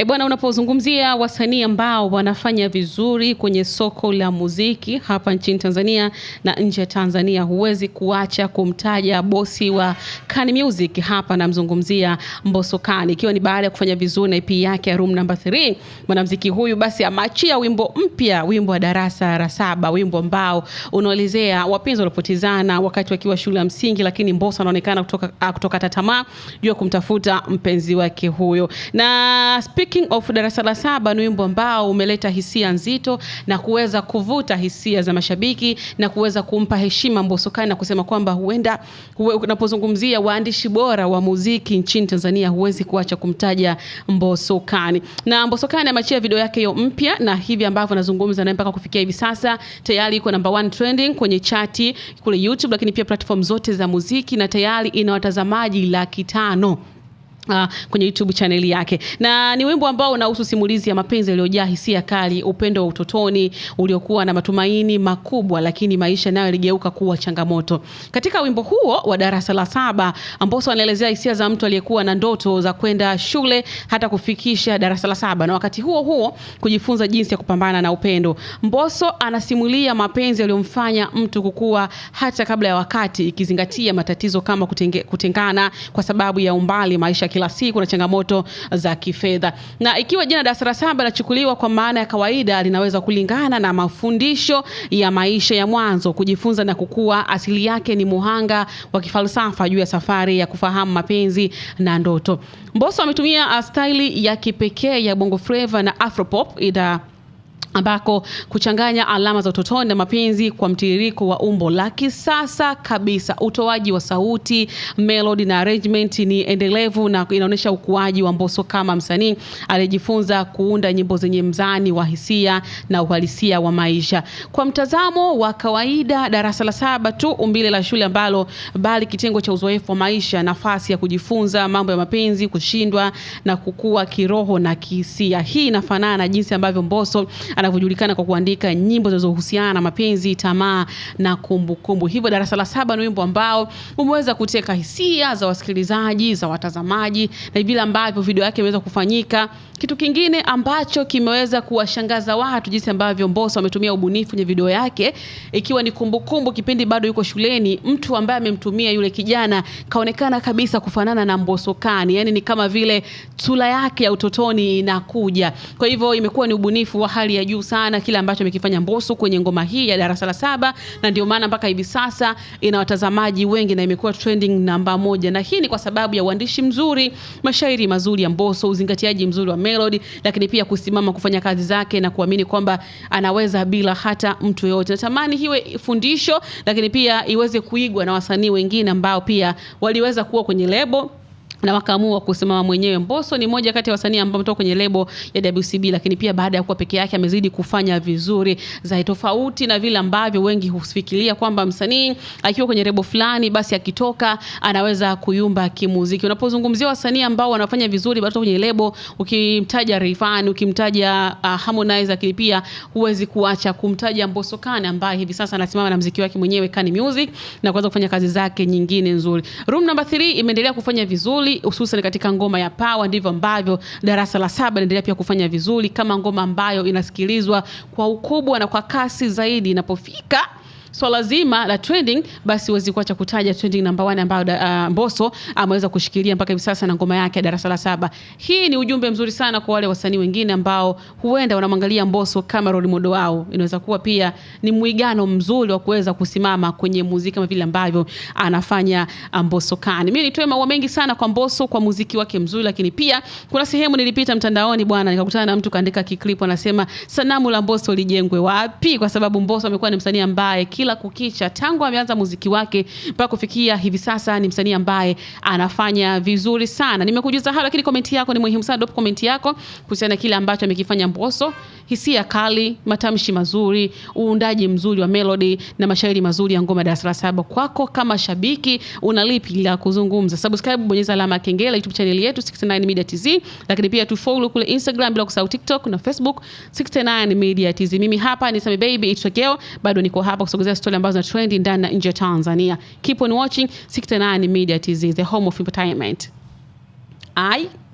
E bwana, unapozungumzia wasanii ambao wanafanya vizuri kwenye soko la muziki hapa nchini Tanzania na nje ya Tanzania, huwezi kuacha kumtaja bosi wa Can Music hapa, namzungumzia Mbosso Khan, ikiwa ni baada ya kufanya vizuri na EP yake ya Room Number 3. Mwanamuziki huyu basi ameachia wimbo mpya, wimbo wa darasa la saba, wimbo ambao unaelezea wapenzi walipotizana wakati wakiwa shule ya msingi, lakini Mbosso anaonekana kutoka, kutoka tatamaa juu ya kumtafuta mpenzi wake huyo na speak Speaking of darasa la saba ni wimbo ambao umeleta hisia nzito na kuweza kuvuta hisia za mashabiki na kuweza kumpa heshima Mbosso Khan na kusema kwamba huenda huwe, unapozungumzia waandishi bora wa muziki nchini Tanzania huwezi kuacha kumtaja Mbosso Khan. Na Mbosso Khan ameachia video yake hiyo mpya na hivi ambavyo nazungumza naye mpaka kufikia hivi sasa tayari iko number one trending kwenye chati kule YouTube, lakini pia platform zote za muziki na tayari ina watazamaji laki tano. Uh, kwenye YouTube channel yake na ni wimbo ambao unahusu simulizi ya mapenzi yaliyojaa hisia kali, upendo wa utotoni uliokuwa na matumaini makubwa, lakini maisha nayo yaligeuka kuwa changamoto. Katika wimbo huo wa darasa la saba, Mbosso anaelezea hisia za mtu aliyekuwa na ndoto za kwenda shule hata kufikisha darasa la saba na wakati huo huo kujifunza jinsi ya kupambana na upendo. Mbosso anasimulia mapenzi yaliyomfanya mtu kukua hata kabla ya wakati, ikizingatia matatizo kama kutenge, kutengana kwa sababu ya umbali maisha kila siku na changamoto za kifedha. Na ikiwa jina darasa la saba linachukuliwa kwa maana ya kawaida, linaweza kulingana na mafundisho ya maisha ya mwanzo, kujifunza na kukua. Asili yake ni muhanga wa kifalsafa juu ya safari ya kufahamu mapenzi na ndoto. Mbosso ametumia ah, staili ya kipekee ya Bongo Flava na Afropop ida ambako kuchanganya alama za utotoni na mapenzi kwa mtiririko wa umbo la kisasa kabisa. Utoaji wa sauti, melody na arrangement ni endelevu na inaonyesha ukuaji wa Mbosso kama msanii aliyejifunza kuunda nyimbo zenye mzani wa hisia na uhalisia wa maisha. Kwa mtazamo wa kawaida, darasa la saba tu, umbile la shule ambalo bali kitengo cha uzoefu wa maisha, nafasi ya kujifunza mambo ya mapenzi, kushindwa na kukua kiroho na kihisia. Hii inafanana na jinsi ambavyo Mbosso anavyojulikana kwa kuandika nyimbo zinazohusiana na mapenzi, tamaa na kumbukumbu. Hivyo darasa la saba ni wimbo ambao umeweza kuteka hisia za wasikilizaji, za watazamaji na vile ambavyo video yake imeweza kufanyika. Kitu kingine ambacho kimeweza kuwashangaza watu jinsi ambavyo Mbosso ametumia ubunifu kwenye video yake, ikiwa ni kumbukumbu kumbu, kipindi bado yuko shuleni, mtu ambaye amemtumia yule kijana kaonekana kabisa kufanana na Mbosso kani, yani ni kama vile sura yake ya utotoni inakuja. Kwa hivyo imekuwa ni ubunifu wa hali ya juu sana kile ambacho amekifanya Mbosso kwenye ngoma hii ya darasa la saba, na ndio maana mpaka hivi sasa ina watazamaji wengi na imekuwa trending namba moja, na hii ni kwa sababu ya uandishi mzuri, mashairi mazuri ya Mbosso, uzingatiaji mzuri wa melody, lakini pia kusimama kufanya kazi zake na kuamini kwamba anaweza bila hata mtu yoyote. Natamani hiwe fundisho, lakini pia iweze kuigwa na wasanii wengine ambao pia waliweza kuwa kwenye lebo na wakaamua kusimama mwenyewe. Mbosso ni mmoja kati ya wasanii ambao wametoka kwenye lebo ya WCB, lakini pia baada ya kuwa peke yake amezidi kufanya vizuri zaidi, tofauti na vile ambavyo wengi hufikiria kwamba msanii akiwa kwenye lebo fulani, basi akitoka anaweza kuyumba kimuziki. Unapozungumzia wasanii ambao wanafanya vizuri baada kwenye lebo, ukimtaja Rayvanny, ukimtaja uh, Harmonize, lakini pia huwezi kuacha kumtaja Mbosso Khan ambaye hivi sasa anasimama na muziki wake mwenyewe Khan Music na kuweza kufanya kazi zake nyingine nzuri. Room number 3 imeendelea kufanya vizuri vizuri, hususan katika ngoma ya Pawa. Ndivyo ambavyo darasa la saba linaendelea pia kufanya vizuri kama ngoma ambayo inasikilizwa kwa ukubwa na kwa kasi zaidi inapofika swala so zima la trending, basi huwezi kuacha kutaja trending namba 1 ambayo uh, Mbosso ameweza kushikilia mpaka hivi sasa na ngoma yake ya darasa la saba. Hii ni ujumbe mzuri sana kwa wale wasanii wengine ambao huenda wanamwangalia Mbosso kama role model wao. Inaweza kuwa pia ni muigano mzuri wa kuweza kusimama kwenye muziki kama vile ambavyo anafanya uh, Mbosso Khan. Mimi nitoe maua mengi sana kwa Mbosso kwa muziki wake mzuri, lakini pia kuna sehemu nilipita mtandaoni bwana, nikakutana na mtu kaandika kiklipu anasema sanamu la Mbosso lijengwe wapi? Kwa sababu Mbosso amekuwa ni msanii ambaye kila kila kukicha. Tangu ameanza muziki wake mpaka kufikia hivi sasa, ni msanii ambaye anafanya vizuri sana. Nimekujuza hayo, lakini komenti yako ni muhimu sana. Drop komenti yako kuhusiana na kile ambacho amekifanya Mbosso, hisia kali, matamshi mazuri, uundaji mzuri wa melody na mashairi mazuri ya ngoma darasa la saba. Kwako kama shabiki, una lipi la kuzungumza? Subscribe, bonyeza alama ya kengele YouTube channel yetu 69 Media TZ, lakini pia tufollow kule Instagram, bila kusahau TikTok na Facebook 69 Media TZ. Mimi hapa ni Sami Baby Ichokeo, bado niko hapa kusogeza tunaangazia stori ambazo zina trendi ndani na nje ya Tanzania. Keep on watching 69 Media TZ, the home of entertainment. I